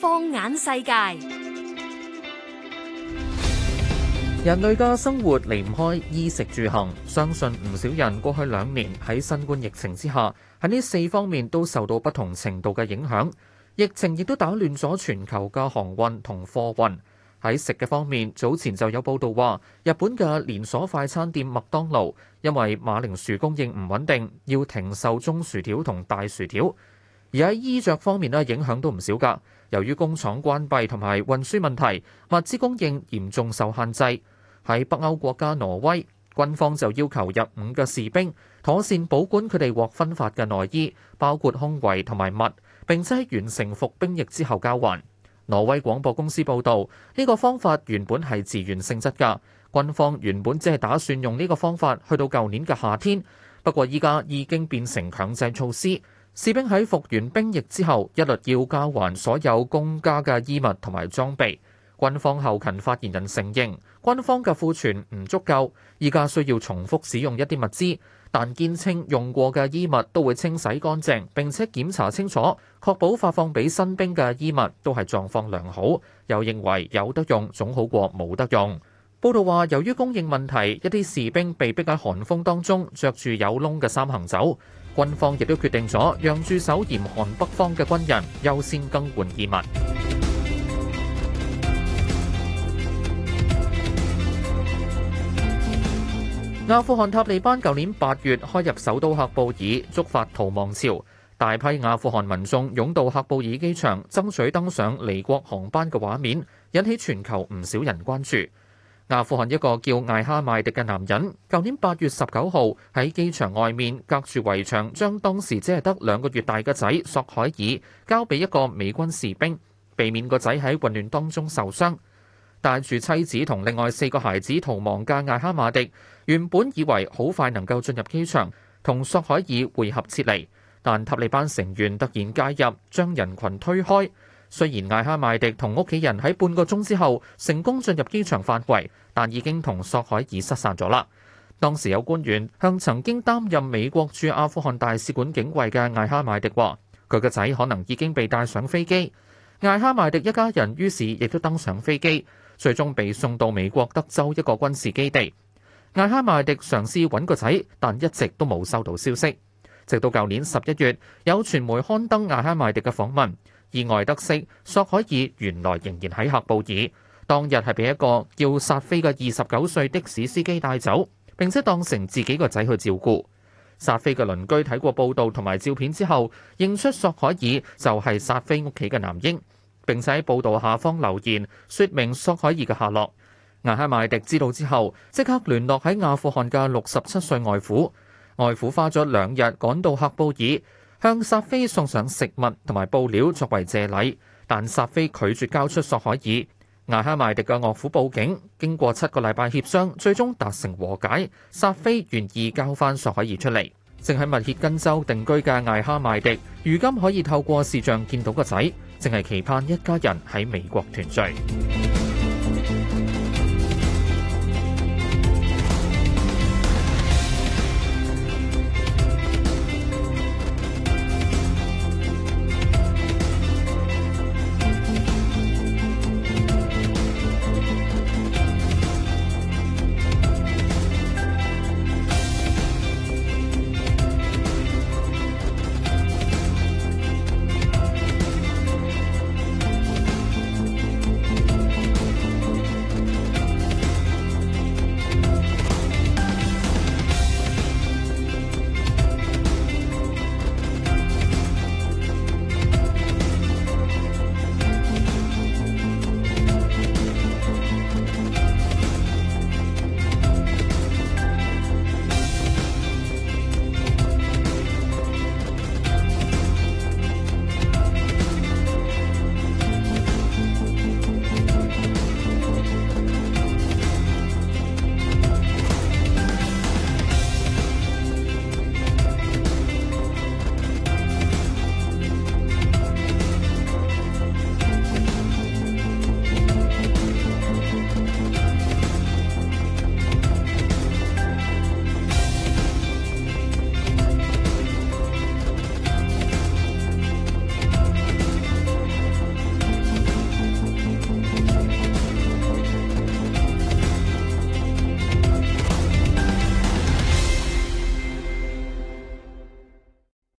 放眼世界，人類嘅生活離唔開衣食住行。相信唔少人過去兩年喺新冠疫情之下，喺呢四方面都受到不同程度嘅影響。疫情亦都打亂咗全球嘅航運同貨運。喺食嘅方面，早前就有報道話日本嘅連鎖快餐店麥當勞因為馬鈴薯供應唔穩定，要停售中薯條同大薯條，而喺衣着方面咧，影響都唔少噶。由於工廠關閉同埋運輸問題，物資供應嚴重受限制。喺北歐國家挪威，軍方就要求入伍嘅士兵妥善保管佢哋獲分發嘅內衣，包括胸圍同埋襪，並且完成服兵役之後交還。挪威廣播公司報道，呢個方法原本係自願性質㗎，軍方原本只係打算用呢個方法去到舊年嘅夏天，不過依家已經變成強制措施，士兵喺服完兵役之後，一律要交還所有公家嘅衣物同埋裝備。軍方後勤發言人承認，軍方嘅庫存唔足夠，依家需要重複使用一啲物資，但堅稱用過嘅衣物都會清洗乾淨並且檢查清楚，確保發放俾新兵嘅衣物都係狀況良好。又認為有得用總好過冇得用。報道話，由於供應問題，一啲士兵被逼喺寒風當中着住有窿嘅衫行走，軍方亦都決定咗讓駐守嚴寒北方嘅軍人優先更換衣物。阿富汗塔利班舊年八月開入首都喀布爾，觸發逃亡潮，大批阿富汗民眾湧到喀布爾機場爭取登上離國航班嘅畫面，引起全球唔少人關注。阿富汗一個叫艾哈邁迪嘅男人，舊年八月十九號喺機場外面隔住圍牆，將當時只係得兩個月大嘅仔索海爾交俾一個美軍士兵，避免個仔喺混亂當中受傷。帶住妻子同另外四個孩子逃亡嘅艾哈馬迪原本以為好快能夠進入機場同索海爾會合撤離，但塔利班成員突然介入，將人群推開。雖然艾哈馬迪同屋企人喺半個鐘之後成功進入機場範圍，但已經同索海爾失散咗啦。當時有官員向曾經擔任美國駐阿富汗大使館警衛嘅艾哈馬迪話：佢個仔可能已經被帶上飛機。艾哈馬迪一家人於是亦都登上飛機。最終被送到美國德州，一個軍事基地。艾哈邁迪嘗試揾個仔，但一直都冇收到消息。直到舊年十一月，有傳媒刊登艾哈邁迪嘅訪問，意外得悉索海爾原來仍然喺喀布爾。當日係俾一個叫薩菲嘅二十九歲的士司機帶走，並且當成自己個仔去照顧。薩菲嘅鄰居睇過報道同埋照片之後，認出索海爾就係薩菲屋企嘅男嬰。並且喺報道下方留言，說明索海爾嘅下落。艾哈邁迪知道之後，即刻聯絡喺阿富汗嘅六十七歲外父。外父花咗兩日趕到喀布爾，向薩菲送上食物同埋布料作為謝禮，但薩菲拒絕交出索海爾。艾哈邁迪嘅岳父報警，經過七個禮拜協商，最終達成和解。薩菲願意交翻索海爾出嚟。正喺密歇根州定居嘅艾哈邁迪，如今可以透過視像見到個仔。淨係期盼一家人喺美國團聚。